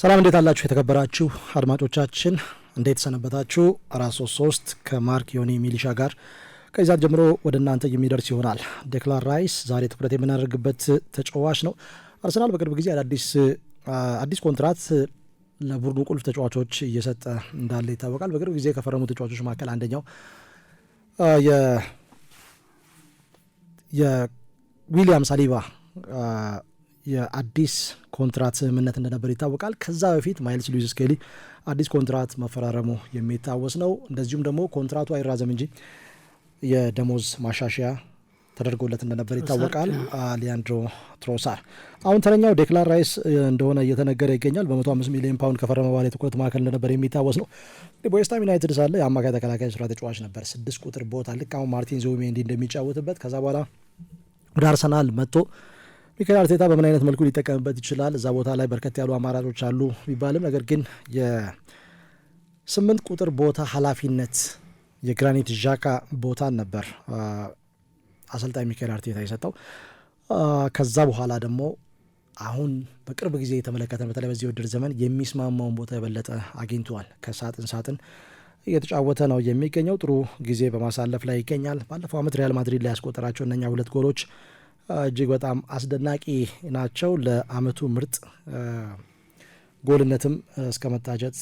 ሰላም እንዴት አላችሁ? የተከበራችሁ አድማጮቻችን እንዴት ሰነበታችሁ? አራት ሶስት ሶስት ከማርክ ዮኒ ሚሊሻ ጋር ከዛት ጀምሮ ወደ እናንተ የሚደርስ ይሆናል። ዴክላን ራይስ ዛሬ ትኩረት የምናደርግበት ተጫዋች ነው። አርሰናል በቅርብ ጊዜ አዳዲስ አዲስ ኮንትራት ለቡድኑ ቁልፍ ተጫዋቾች እየሰጠ እንዳለ ይታወቃል። በቅርብ ጊዜ ከፈረሙ ተጫዋቾች መካከል አንደኛው የዊሊያም ሳሊባ የአዲስ ኮንትራት ስምምነት እንደነበር ይታወቃል። ከዛ በፊት ማይልስ ሉዊስ ስኬሊ አዲስ ኮንትራት መፈራረሙ የሚታወስ ነው። እንደዚሁም ደግሞ ኮንትራቱ አይራዘም እንጂ የደሞዝ ማሻሻያ ተደርጎለት እንደነበር ይታወቃል። ሊያንድሮ ትሮሳር አሁን ተረኛው ዴክላን ራይስ እንደሆነ እየተነገረ ይገኛል በመቶ አምስት ሚሊዮን ፓውንድ ከፈረመ በኋላ የትኩረት ማዕከል እንደነበር የሚታወስ ነው። በዌስትሃም ዩናይትድ ሳለ የአማካይ ተከላካይ ስራ ተጫዋች ነበር። ስድስት ቁጥር ቦታ ልክ አሁን ማርቲን ዙቢሜንዲ እንደሚጫወትበት ከዛ በኋላ ወደ አርሰናል መጥቶ ሚካኤል አርቴታ በምን አይነት መልኩ ሊጠቀምበት ይችላል? እዛ ቦታ ላይ በርከት ያሉ አማራጮች አሉ ቢባልም ነገር ግን የስምንት ቁጥር ቦታ ኃላፊነት የግራኒት ዣካ ቦታን ነበር አሰልጣኝ ሚካኤል አርቴታ የሰጠው። ከዛ በኋላ ደግሞ አሁን በቅርብ ጊዜ የተመለከተ በተለይ በዚህ ውድድር ዘመን የሚስማማውን ቦታ የበለጠ አግኝተዋል። ከሳጥን ሳጥን እየተጫወተ ነው የሚገኘው። ጥሩ ጊዜ በማሳለፍ ላይ ይገኛል። ባለፈው ዓመት ሪያል ማድሪድ ላይ ያስቆጠራቸው እነኛ ሁለት ጎሎች እጅግ በጣም አስደናቂ ናቸው። ለአመቱ ምርጥ ጎልነትም እስከ መታጨት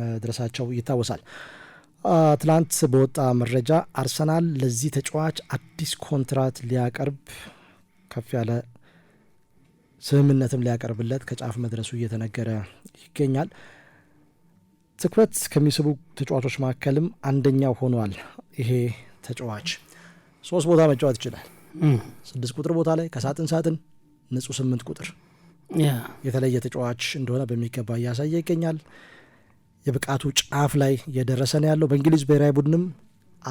መድረሳቸው ይታወሳል። ትላንት በወጣ መረጃ አርሰናል ለዚህ ተጫዋች አዲስ ኮንትራት ሊያቀርብ ከፍ ያለ ስምምነትም ሊያቀርብለት ከጫፍ መድረሱ እየተነገረ ይገኛል። ትኩረት ከሚስቡ ተጫዋቾች መካከልም አንደኛው ሆኗል። ይሄ ተጫዋች ሶስት ቦታ መጫወት ይችላል። ስድስት ቁጥር ቦታ ላይ ከሳጥን ሳጥን ንጹህ ስምንት ቁጥር የተለየ ተጫዋች እንደሆነ በሚገባ እያሳየ ይገኛል። የብቃቱ ጫፍ ላይ እየደረሰ ነው ያለው። በእንግሊዝ ብሔራዊ ቡድንም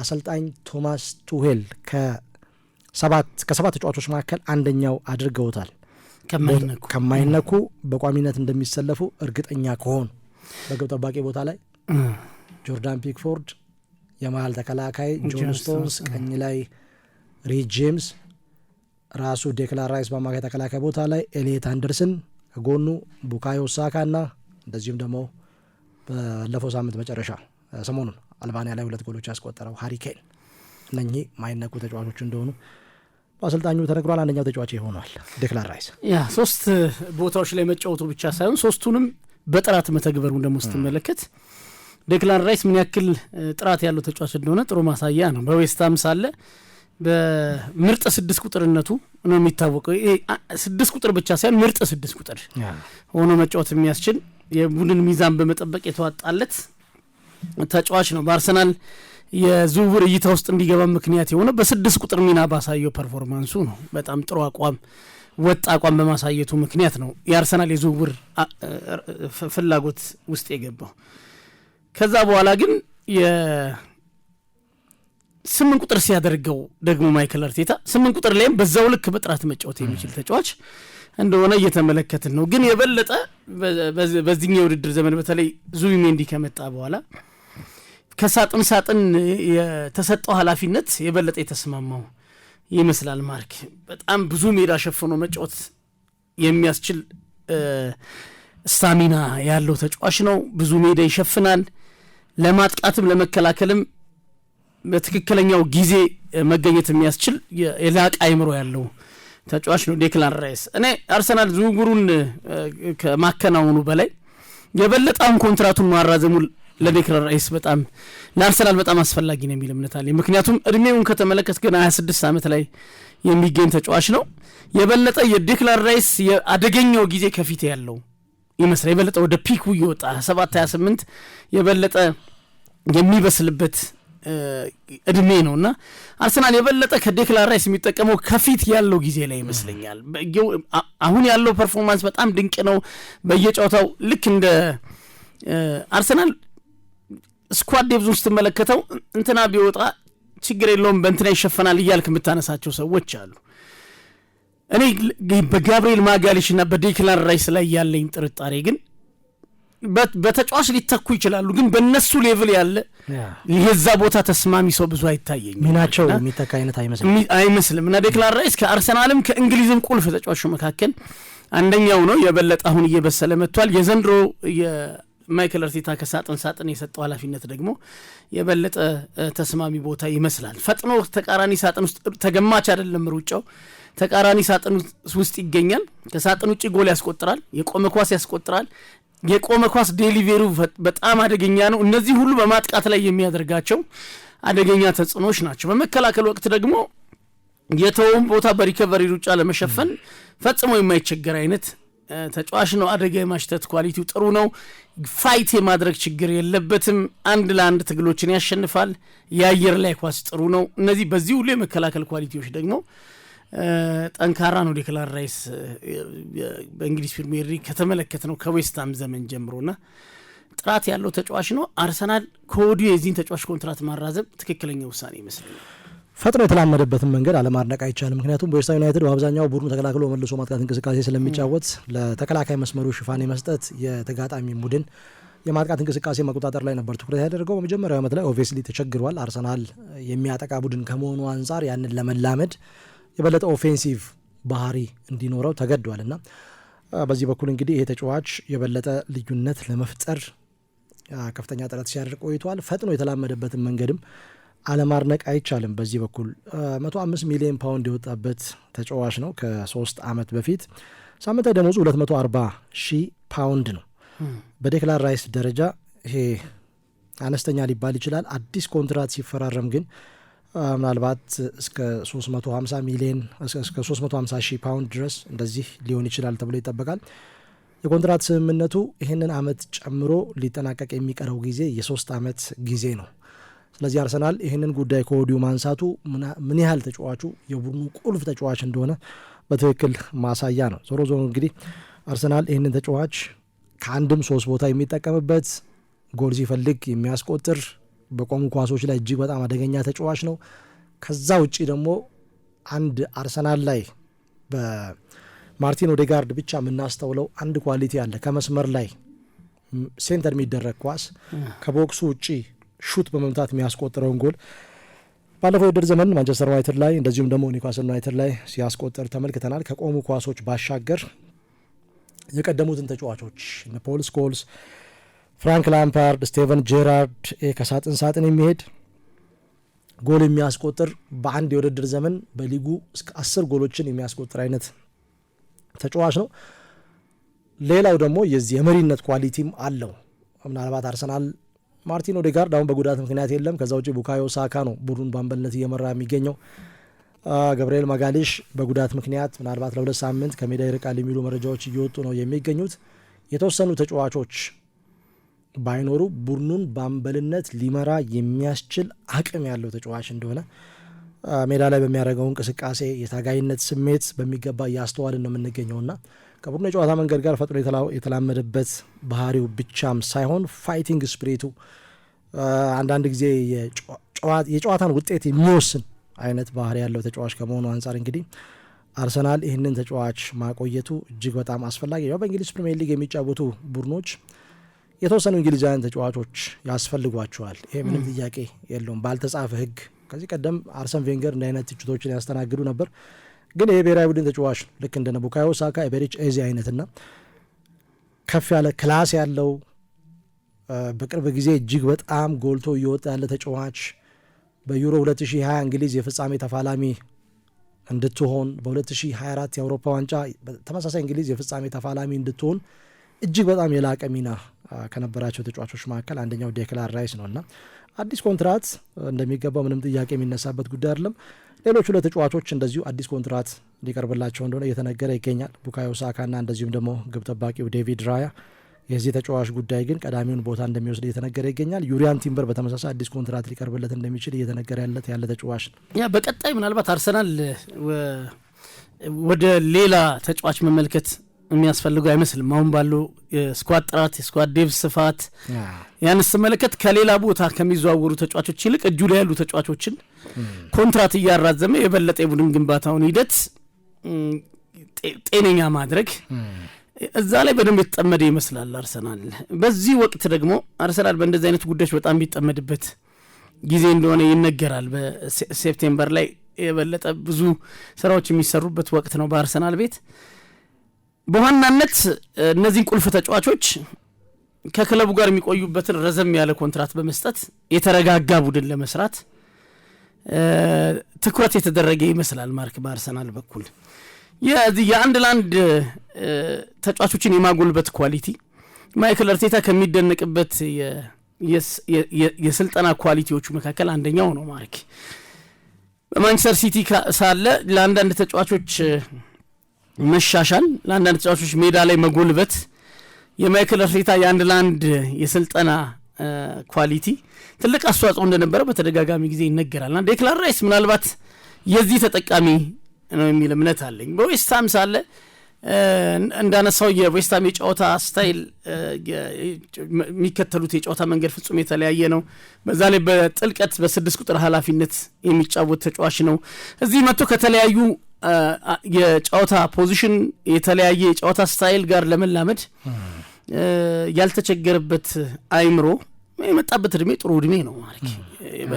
አሰልጣኝ ቶማስ ቱሄል ከሰባት ተጫዋቾች መካከል አንደኛው አድርገውታል። ከማይነኩ በቋሚነት እንደሚሰለፉ እርግጠኛ ከሆኑ በግብ ጠባቂ ቦታ ላይ ጆርዳን ፒክፎርድ፣ የመሀል ተከላካይ ጆን ስቶንስ፣ ቀኝ ላይ ሪድ ጄምስ ራሱ ዴክላን ራይስ በአማካይ ተከላካይ ቦታ ላይ ኤሊየት አንደርስን ከጎኑ ቡካዮ ሳካ ና እንደዚሁም ደግሞ ባለፈው ሳምንት መጨረሻ ሰሞኑን አልባንያ ላይ ሁለት ጎሎች ያስቆጠረው ሀሪኬን እነኚህ ማይነኩ ተጫዋቾች እንደሆኑ በአሰልጣኙ ተነግሯል። አንደኛው ተጫዋች ሆኗል ዴክላን ራይስ። ያ ሶስት ቦታዎች ላይ መጫወቱ ብቻ ሳይሆን ሶስቱንም በጥራት መተግበሩን ደግሞ ስትመለከት ዴክላን ራይስ ምን ያክል ጥራት ያለው ተጫዋች እንደሆነ ጥሩ ማሳያ ነው። በዌስትሃም ሳለ በምርጥ ስድስት ቁጥርነቱ ነው የሚታወቀው። ስድስት ቁጥር ብቻ ሳይሆን ምርጥ ስድስት ቁጥር ሆኖ መጫወት የሚያስችል የቡድን ሚዛን በመጠበቅ የተዋጣለት ተጫዋች ነው። በአርሰናል የዝውውር እይታ ውስጥ እንዲገባ ምክንያት የሆነ በስድስት ቁጥር ሚና ባሳየው ፐርፎርማንሱ ነው። በጣም ጥሩ አቋም፣ ወጥ አቋም በማሳየቱ ምክንያት ነው የአርሰናል የዝውውር ፍላጎት ውስጥ የገባው። ከዛ በኋላ ግን ስምንት ቁጥር ሲያደርገው ደግሞ ማይክል አርቴታ ስምንት ቁጥር ላይም በዛው ልክ በጥራት መጫወት የሚችል ተጫዋች እንደሆነ እየተመለከትን ነው። ግን የበለጠ በዚህኛው የውድድር ዘመን በተለይ ዙቢሜንዲ ከመጣ በኋላ ከሳጥን ሳጥን የተሰጠው ኃላፊነት የበለጠ የተስማማው ይመስላል። ማርክ በጣም ብዙ ሜዳ ሸፍኖ መጫወት የሚያስችል ስታሚና ያለው ተጫዋች ነው። ብዙ ሜዳ ይሸፍናል። ለማጥቃትም ለመከላከልም በትክክለኛው ጊዜ መገኘት የሚያስችል የላቅ አይምሮ ያለው ተጫዋች ነው ዴክላን ራይስ። እኔ አርሰናል ዝውውሩን ከማከናወኑ በላይ የበለጠውን ኮንትራቱን ማራዘሙ ለዴክላን ራይስ በጣም ለአርሰናል በጣም አስፈላጊ ነው የሚል እምነት አለ። ምክንያቱም እድሜውን ከተመለከት ገና 26 ዓመት ላይ የሚገኝ ተጫዋች ነው። የበለጠ የዴክላን ራይስ የአደገኛው ጊዜ ከፊት ያለው ይመስላል። የበለጠ ወደ ፒኩ እየወጣ 7 28 የበለጠ የሚበስልበት እድሜ ነው እና አርሰናል የበለጠ ከዴክላን ራይስ የሚጠቀመው ከፊት ያለው ጊዜ ላይ ይመስለኛል። አሁን ያለው ፐርፎርማንስ በጣም ድንቅ ነው። በየጨዋታው ልክ እንደ አርሰናል ስኳድ ዴብዙን ስትመለከተው እንትና ቢወጣ ችግር የለውም በእንትና ይሸፈናል እያልክ የምታነሳቸው ሰዎች አሉ። እኔ በጋብርኤል ማጋሊሽ እና በዴክላን ራይስ ላይ ያለኝ ጥርጣሬ ግን በተጫዋች ሊተኩ ይችላሉ፣ ግን በእነሱ ሌቭል ያለ የዛ ቦታ ተስማሚ ሰው ብዙ አይታየኝ ሚናቸው የሚተካ አይነት አይመስልም አይመስልም እና ዴክላን ራይስ ከአርሰናልም ከእንግሊዝም ቁልፍ ተጫዋቹ መካከል አንደኛው ነው። የበለጠ አሁን እየበሰለ መጥቷል። የዘንድሮ ማይክል አርቴታ ከሳጥን ሳጥን የሰጠው ኃላፊነት ደግሞ የበለጠ ተስማሚ ቦታ ይመስላል። ፈጥኖ ተቃራኒ ሳጥን ውስጥ ተገማች አይደለም ሩጫው ተቃራኒ ሳጥን ውስጥ ይገኛል። ከሳጥን ውጭ ጎል ያስቆጥራል፣ የቆመ ኳስ ያስቆጥራል። የቆመ ኳስ ዴሊቬሩ በጣም አደገኛ ነው። እነዚህ ሁሉ በማጥቃት ላይ የሚያደርጋቸው አደገኛ ተጽዕኖዎች ናቸው። በመከላከል ወቅት ደግሞ የተወውን ቦታ በሪከቨሪ ሩጫ ለመሸፈን ፈጽሞ የማይቸገር አይነት ተጫዋች ነው። አደጋ የማሽተት ኳሊቲው ጥሩ ነው። ፋይት የማድረግ ችግር የለበትም። አንድ ለአንድ ትግሎችን ያሸንፋል። የአየር ላይ ኳስ ጥሩ ነው። እነዚህ በዚህ ሁሉ የመከላከል ኳሊቲዎች ደግሞ ጠንካራ ነው። ዴክላን ራይስ በእንግሊዝ ፕሪሚየር ሊግ ከተመለከት ነው ከዌስትሃም ዘመን ጀምሮና ጥራት ያለው ተጫዋች ነው። አርሰናል ከወዲሁ የዚህን ተጫዋች ኮንትራት ማራዘም ትክክለኛ ውሳኔ ይመስለኛል። ፈጥኖ የተላመደበትን መንገድ አለማድነቅ አይቻልም። ምክንያቱም በዌስት ዩናይትድ በአብዛኛው ቡድኑ ተከላክሎ መልሶ ማጥቃት እንቅስቃሴ ስለሚጫወት ለተከላካይ መስመሩ ሽፋን የመስጠት የተጋጣሚ ቡድን የማጥቃት እንቅስቃሴ መቆጣጠር ላይ ነበር ትኩረት ያደርገው። በመጀመሪያው ዓመት ላይ ኦብቪየስሊ ተቸግሯል። አርሰናል የሚያጠቃ ቡድን ከመሆኑ አንጻር ያንን ለመላመድ የበለጠ ኦፌንሲቭ ባህሪ እንዲኖረው ተገዷል እና በዚህ በኩል እንግዲህ ይሄ ተጫዋች የበለጠ ልዩነት ለመፍጠር ከፍተኛ ጥረት ሲያደርግ ቆይቷል። ፈጥኖ የተላመደበትን መንገድም አለማድነቅ አይቻልም። በዚህ በኩል 105 ሚሊዮን ፓውንድ የወጣበት ተጫዋች ነው። ከሶስት ዓመት በፊት ሳምንታዊ ደሞዙ 240 ሺህ ፓውንድ ነው። በዴክላን ራይስ ደረጃ ይሄ አነስተኛ ሊባል ይችላል። አዲስ ኮንትራት ሲፈራረም ግን ምናልባት እስከ 350 ሚሊዮን እስከ 350 ሺህ ፓውንድ ድረስ እንደዚህ ሊሆን ይችላል ተብሎ ይጠበቃል። የኮንትራት ስምምነቱ ይህንን ዓመት ጨምሮ ሊጠናቀቅ የሚቀረው ጊዜ የሶስት አመት ጊዜ ነው። ስለዚህ አርሰናል ይህንን ጉዳይ ከወዲሁ ማንሳቱ ምን ያህል ተጫዋቹ የቡድኑ ቁልፍ ተጫዋች እንደሆነ በትክክል ማሳያ ነው። ዞሮ ዞሮ እንግዲህ አርሰናል ይህንን ተጫዋች ከአንድም ሶስት ቦታ የሚጠቀምበት ጎል ሲፈልግ የሚያስቆጥር በቆሙ ኳሶች ላይ እጅግ በጣም አደገኛ ተጫዋች ነው። ከዛ ውጪ ደግሞ አንድ አርሰናል ላይ በማርቲን ኦዴጋርድ ብቻ የምናስተውለው አንድ ኳሊቲ አለ። ከመስመር ላይ ሴንተር የሚደረግ ኳስ ከቦክሱ ውጪ ሹት በመምታት የሚያስቆጥረውን ጎል ባለፈው የውድድር ዘመን ማንቸስተር ዩናይትድ ላይ እንደዚሁም ደግሞ ኒውካስል ዩናይትድ ላይ ሲያስቆጥር ተመልክተናል። ከቆሙ ኳሶች ባሻገር የቀደሙትን ተጫዋቾች እነ ፖል ስኮልስ፣ ፍራንክ ላምፓርድ፣ ስቴቨን ጄራርድ ከሳጥን ሳጥን የሚሄድ ጎል የሚያስቆጥር በአንድ የውድድር ዘመን በሊጉ እስከ አስር ጎሎችን የሚያስቆጥር አይነት ተጫዋች ነው። ሌላው ደግሞ የዚህ የመሪነት ኳሊቲም አለው። ምናልባት አርሰናል ማርቲን ኦዴጋርድ አሁን በጉዳት ምክንያት የለም። ከዛ ውጭ ቡካዮ ሳካ ነው ቡድኑን በአንበልነት እየመራ የሚገኘው። ገብርኤል ማጋሊሽ በጉዳት ምክንያት ምናልባት ለሁለት ሳምንት ከሜዳ ይርቃል የሚሉ መረጃዎች እየወጡ ነው የሚገኙት። የተወሰኑ ተጫዋቾች ባይኖሩ ቡድኑን በአንበልነት ሊመራ የሚያስችል አቅም ያለው ተጫዋች እንደሆነ ሜዳ ላይ በሚያደርገው እንቅስቃሴ የታጋይነት ስሜት በሚገባ እያስተዋልን ነው የምንገኘውና ከቡድኑ የጨዋታ መንገድ ጋር ፈጥኖ የተላመደበት ባህሪው ብቻም ሳይሆን ፋይቲንግ ስፕሪቱ አንዳንድ ጊዜ የጨዋታን ውጤት የሚወስን አይነት ባህሪ ያለው ተጫዋች ከመሆኑ አንጻር እንግዲህ አርሰናል ይህንን ተጫዋች ማቆየቱ እጅግ በጣም አስፈላጊ ነው። በእንግሊዝ ፕሪሚየር ሊግ የሚጫወቱ ቡድኖች የተወሰኑ እንግሊዛውያን ተጫዋቾች ያስፈልጓቸዋል። ይሄ ምንም ጥያቄ የለውም። ባልተጻፈ ሕግ ከዚህ ቀደም አርሰን ቬንገር እንደ አይነት ትችቶችን ያስተናግዱ ነበር። ግን ይሄ ብሔራዊ ቡድን ተጫዋች ነው። ልክ እንደ ቡካዮ ሳካ፣ ኤቨሬጅ ኤዚ አይነትና ከፍ ያለ ክላስ ያለው በቅርብ ጊዜ እጅግ በጣም ጎልቶ እየወጣ ያለ ተጫዋች በዩሮ 2020 እንግሊዝ የፍጻሜ ተፋላሚ እንድትሆን በ2024 የአውሮፓ ዋንጫ ተመሳሳይ እንግሊዝ የፍጻሜ ተፋላሚ እንድትሆን እጅግ በጣም የላቀ ሚና ከነበራቸው ተጫዋቾች መካከል አንደኛው ዴክላን ራይስ ነው እና አዲስ ኮንትራት እንደሚገባው ምንም ጥያቄ የሚነሳበት ጉዳይ አይደለም። ሌሎች ሁለት ተጫዋቾች እንደዚሁ አዲስ ኮንትራት ሊቀርብላቸው እንደሆነ እየተነገረ ይገኛል። ቡካዮ ሳካና እንደዚሁም ደግሞ ግብ ጠባቂው ዴቪድ ራያ። የዚህ ተጫዋች ጉዳይ ግን ቀዳሚውን ቦታ እንደሚወስድ እየተነገረ ይገኛል። ዩሪያን ቲምበር በተመሳሳይ አዲስ ኮንትራት ሊቀርብለት እንደሚችል እየተነገረ ያለት ያለ ተጫዋች ነው። ያ በቀጣይ ምናልባት አርሰናል ወደ ሌላ ተጫዋች መመልከት የሚያስፈልገው አይመስልም። አሁን ባለው የስኳድ ጥራት፣ የስኳድ ዴቭ ስፋት ያን ስመለከት ከሌላ ቦታ ከሚዘዋወሩ ተጫዋቾች ይልቅ እጁ ላይ ያሉ ተጫዋቾችን ኮንትራት እያራዘመ የበለጠ የቡድን ግንባታውን ሂደት ጤነኛ ማድረግ እዛ ላይ በደንብ የተጠመደ ይመስላል አርሰናል። በዚህ ወቅት ደግሞ አርሰናል በእንደዚህ አይነት ጉዳዮች በጣም ቢጠመድበት ጊዜ እንደሆነ ይነገራል። በሴፕቴምበር ላይ የበለጠ ብዙ ስራዎች የሚሰሩበት ወቅት ነው በአርሰናል ቤት በዋናነት እነዚህን ቁልፍ ተጫዋቾች ከክለቡ ጋር የሚቆዩበትን ረዘም ያለ ኮንትራት በመስጠት የተረጋጋ ቡድን ለመስራት ትኩረት የተደረገ ይመስላል። ማርክ በአርሰናል በኩል የአንድ ለአንድ ተጫዋቾችን የማጎልበት ኳሊቲ ማይክል አርቴታ ከሚደነቅበት የስልጠና ኳሊቲዎቹ መካከል አንደኛው ነው። ማርክ በማንቸስተር ሲቲ ሳለ ለአንዳንድ ተጫዋቾች መሻሻል ለአንዳንድ ተጫዋቾች ሜዳ ላይ መጎልበት የማይክል አርቴታ የአንድ ለአንድ የስልጠና ኳሊቲ ትልቅ አስተዋጽኦ እንደነበረ በተደጋጋሚ ጊዜ ና ዴክላን ራይስ ምናልባት የዚህ ተጠቃሚ ነው የሚል እምነት አለኝ። በዌስትሃም ሳለ እንዳነሳው የዌስትሃም የጨዋታ ስታይል የሚከተሉት የጨዋታ መንገድ ፍጹም የተለያየ ነው። በዛ ላይ በጥልቀት በስድስት ቁጥር ኃላፊነት የሚጫወት ተጫዋች ነው። እዚህ መጥቶ ከተለያዩ የጨዋታ ፖዚሽን የተለያየ የጨዋታ ስታይል ጋር ለመላመድ ያልተቸገረበት አይምሮ የመጣበት እድሜ ጥሩ እድሜ ነው ማለት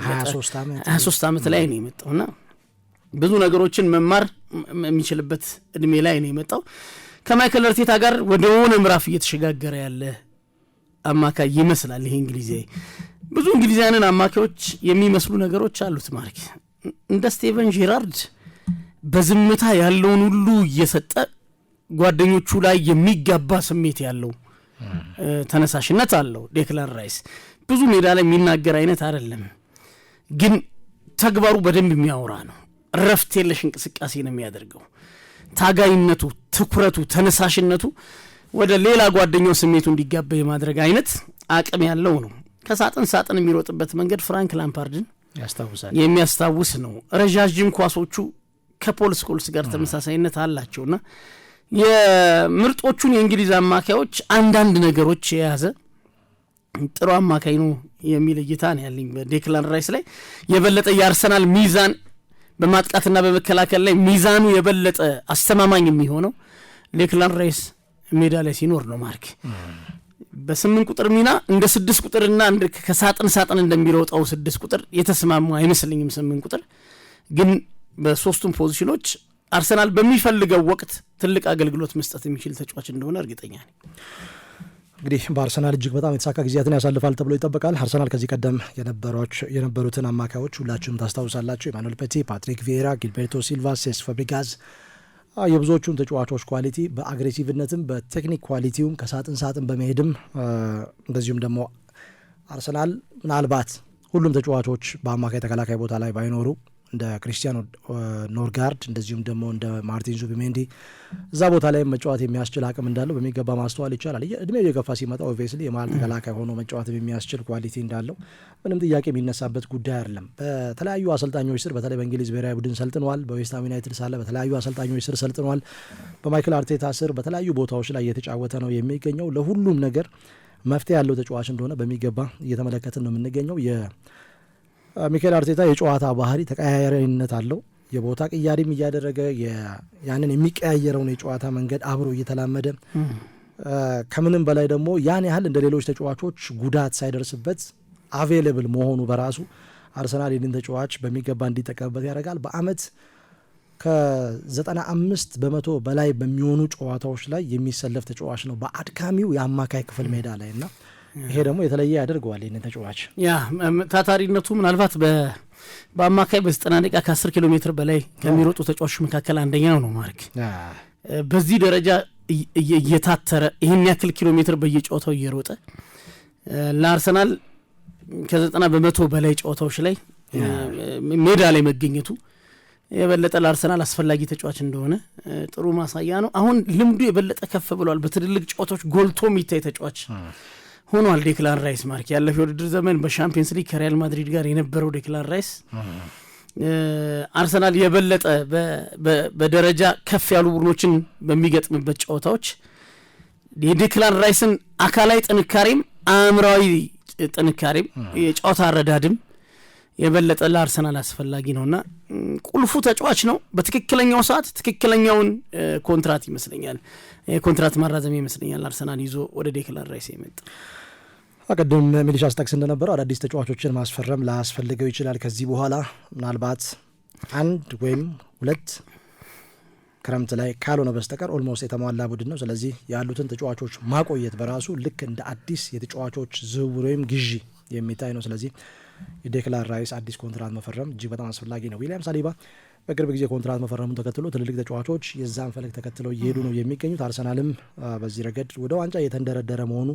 ሀያ ሶስት ዓመት ላይ ነው የመጣው እና ብዙ ነገሮችን መማር የሚችልበት እድሜ ላይ ነው የመጣው። ከማይክል አርቴታ ጋር ወደ ሆነ ምዕራፍ እየተሸጋገረ ያለ አማካይ ይመስላል። ይሄ እንግሊዛዊ ብዙ እንግሊዛውያንን አማካዮች የሚመስሉ ነገሮች አሉት። ማርክ እንደ ስቴቨን ጄራርድ በዝምታ ያለውን ሁሉ እየሰጠ ጓደኞቹ ላይ የሚጋባ ስሜት ያለው ተነሳሽነት አለው። ዴክላን ራይስ ብዙ ሜዳ ላይ የሚናገር አይነት አይደለም፣ ግን ተግባሩ በደንብ የሚያወራ ነው። እረፍት የለሽ እንቅስቃሴ ነው የሚያደርገው። ታጋይነቱ፣ ትኩረቱ፣ ተነሳሽነቱ ወደ ሌላ ጓደኛው ስሜቱ እንዲጋባ የማድረግ አይነት አቅም ያለው ነው። ከሳጥን ሳጥን የሚሮጥበት መንገድ ፍራንክ ላምፓርድን የሚያስታውስ ነው። ረዣዥም ኳሶቹ ከፖል ስኮልስ ጋር ተመሳሳይነት አላቸውና የምርጦቹን የእንግሊዝ አማካዮች አንዳንድ ነገሮች የያዘ ጥሩ አማካይ ነው የሚል እይታ ነው ያለኝ በዴክላን ራይስ ላይ የበለጠ የአርሰናል ሚዛን በማጥቃትና በመከላከል ላይ ሚዛኑ የበለጠ አስተማማኝ የሚሆነው ዴክላን ራይስ ሜዳ ላይ ሲኖር ነው። ማርክ በስምንት ቁጥር ሚና እንደ ስድስት ቁጥርና ከሳጥን ሳጥን እንደሚለውጠው ስድስት ቁጥር የተስማሙ አይመስለኝም። ስምንት ቁጥር ግን በሶስቱም ፖዚሽኖች አርሰናል በሚፈልገው ወቅት ትልቅ አገልግሎት መስጠት የሚችል ተጫዋች እንደሆነ እርግጠኛ ነኝ። እንግዲህ በአርሰናል እጅግ በጣም የተሳካ ጊዜያትን ያሳልፋል ተብሎ ይጠበቃል። አርሰናል ከዚህ ቀደም የነበሩትን አማካዮች ሁላችሁም ታስታውሳላችሁ። ኢማኑኤል ፔቲ፣ ፓትሪክ ቪዬራ፣ ጊልቤርቶ ሲልቫ፣ ሴስ ፋብሪጋዝ የብዙዎቹን ተጫዋቾች ኳሊቲ በአግሬሲቭነትም በቴክኒክ ኳሊቲውም ከሳጥን ሳጥን በመሄድም እንደዚሁም ደግሞ አርሰናል ምናልባት ሁሉም ተጫዋቾች በአማካይ ተከላካይ ቦታ ላይ ባይኖሩ እንደ ክሪስቲያን ኖርጋርድ እንደዚሁም ደግሞ እንደ ማርቲን ዙቢሜንዲ እዛ ቦታ ላይ መጫወት የሚያስችል አቅም እንዳለው በሚገባ ማስተዋል ይቻላል። እድሜው የገፋ ሲመጣ ኦብቪየስሊ የመሀል ተከላካይ ሆኖ መጫወት የሚያስችል ኳሊቲ እንዳለው ምንም ጥያቄ የሚነሳበት ጉዳይ አይደለም። በተለያዩ አሰልጣኞች ስር በተለይ በእንግሊዝ ብሔራዊ ቡድን ሰልጥነዋል። በዌስትሃም ዩናይትድ ሳለ በተለያዩ አሰልጣኞች ስር ሰልጥነዋል። በማይክል አርቴታ ስር በተለያዩ ቦታዎች ላይ እየተጫወተ ነው የሚገኘው። ለሁሉም ነገር መፍትሄ ያለው ተጫዋች እንደሆነ በሚገባ እየተመለከትን ነው የምንገኘው። ሚካኤል አርቴታ የጨዋታ ባህሪ ተቀያያሪነት አለው። የቦታ ቅያሪም እያደረገ ያንን የሚቀያየረውን የጨዋታ መንገድ አብሮ እየተላመደ ከምንም በላይ ደግሞ ያን ያህል እንደ ሌሎች ተጫዋቾች ጉዳት ሳይደርስበት አቬለብል መሆኑ በራሱ አርሰናል ይህንን ተጫዋች በሚገባ እንዲጠቀምበት ያደርጋል። በአመት ከ አምስት በመቶ በላይ በሚሆኑ ጨዋታዎች ላይ የሚሰለፍ ተጫዋች ነው በአድካሚው የአማካይ ክፍል ሜዳ ላይ እና ይሄ ደግሞ የተለየ ያደርገዋል ይህንን ተጫዋች ያ ታታሪነቱ ምናልባት በአማካይ በዘጠና ደቂቃ ከአስር ኪሎ ሜትር በላይ ከሚሮጡ ተጫዋቾች መካከል አንደኛው ነው ማርክ በዚህ ደረጃ እየታተረ ይህን ያክል ኪሎ ሜትር በየጨዋታው እየሮጠ ለአርሰናል ከዘጠና በመቶ በላይ ጨዋታዎች ላይ ሜዳ ላይ መገኘቱ የበለጠ ለአርሰናል አስፈላጊ ተጫዋች እንደሆነ ጥሩ ማሳያ ነው። አሁን ልምዱ የበለጠ ከፍ ብሏል። በትልልቅ ጨዋታዎች ጎልቶ የሚታይ ተጫዋች ሆኗል። ዴክላን ራይስ ማርክ ያለፈው የውድድር ዘመን በሻምፒየንስ ሊግ ከሪያል ማድሪድ ጋር የነበረው ዴክላን ራይስ አርሰናል የበለጠ በደረጃ ከፍ ያሉ ቡድኖችን በሚገጥምበት ጨዋታዎች የዴክላን ራይስን አካላዊ ጥንካሬም አእምራዊ ጥንካሬም የጨዋታ አረዳድም የበለጠ ለአርሰናል አስፈላጊ ነውና ቁልፉ ተጫዋች ነው። በትክክለኛው ሰዓት ትክክለኛውን ኮንትራት ይመስለኛል፣ የኮንትራት ማራዘም ይመስለኛል አርሰናል ይዞ ወደ ዴክላን ራይስ የመጣ ቅድም ሚሊሻ ስጠቅስ እንደነበረው አዳዲስ ተጫዋቾችን ማስፈረም ላስፈልገው ይችላል። ከዚህ በኋላ ምናልባት አንድ ወይም ሁለት ክረምት ላይ ካልሆነ በስተቀር ኦልሞስት የተሟላ ቡድን ነው። ስለዚህ ያሉትን ተጫዋቾች ማቆየት በራሱ ልክ እንደ አዲስ የተጫዋቾች ዝውውር ወይም ግዢ የሚታይ ነው። ስለዚህ የዴክላን ራይስ አዲስ ኮንትራት መፈረም እጅግ በጣም አስፈላጊ ነው። ዊሊያም ሳሊባ በቅርብ ጊዜ ኮንትራት መፈረሙን ተከትሎ ትልልቅ ተጫዋቾች የዛን ፈለግ ተከትለው እየሄዱ ነው የሚገኙት። አርሰናልም በዚህ ረገድ ወደ ዋንጫ እየተንደረደረ መሆኑ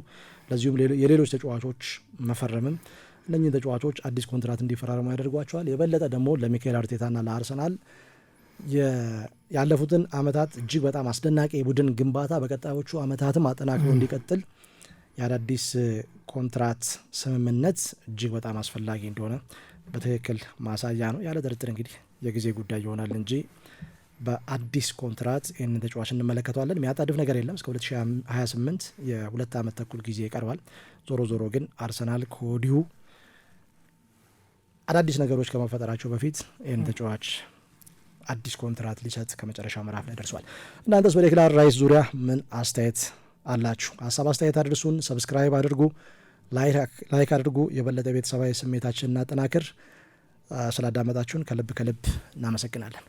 ለዚሁም የሌሎች ተጫዋቾች መፈረምም እነኝህ ተጫዋቾች አዲስ ኮንትራት እንዲፈራረሙ ያደርጓቸዋል። የበለጠ ደግሞ ለሚካኤል አርቴታና ለአርሰናል ያለፉትን አመታት እጅግ በጣም አስደናቂ የቡድን ግንባታ በቀጣዮቹ አመታትም አጠናክሮ እንዲቀጥል የአዳዲስ ኮንትራት ስምምነት እጅግ በጣም አስፈላጊ እንደሆነ በትክክል ማሳያ ነው ያለ ጥርጥር እንግዲህ የጊዜ ጉዳይ ይሆናል እንጂ በአዲስ ኮንትራት ይህንን ተጫዋች እንመለከተዋለን። የሚያጣድፍ ነገር የለም። እስከ 2028 የሁለት ዓመት ተኩል ጊዜ ይቀርባል። ዞሮ ዞሮ ግን አርሰናል ከወዲሁ አዳዲስ ነገሮች ከመፈጠራቸው በፊት ይህን ተጫዋች አዲስ ኮንትራት ሊሰጥ ከመጨረሻ ምዕራፍ ላይ ደርሷል። እናንተስ በዴክላን ራይስ ዙሪያ ምን አስተያየት አላችሁ? ሀሳብ አስተያየት አድርሱን። ሰብስክራይብ አድርጉ፣ ላይክ አድርጉ። የበለጠ ቤተሰባዊ ስሜታችን እናጠናክር። ስላዳመጣችሁን ከልብ ከልብ እናመሰግናለን።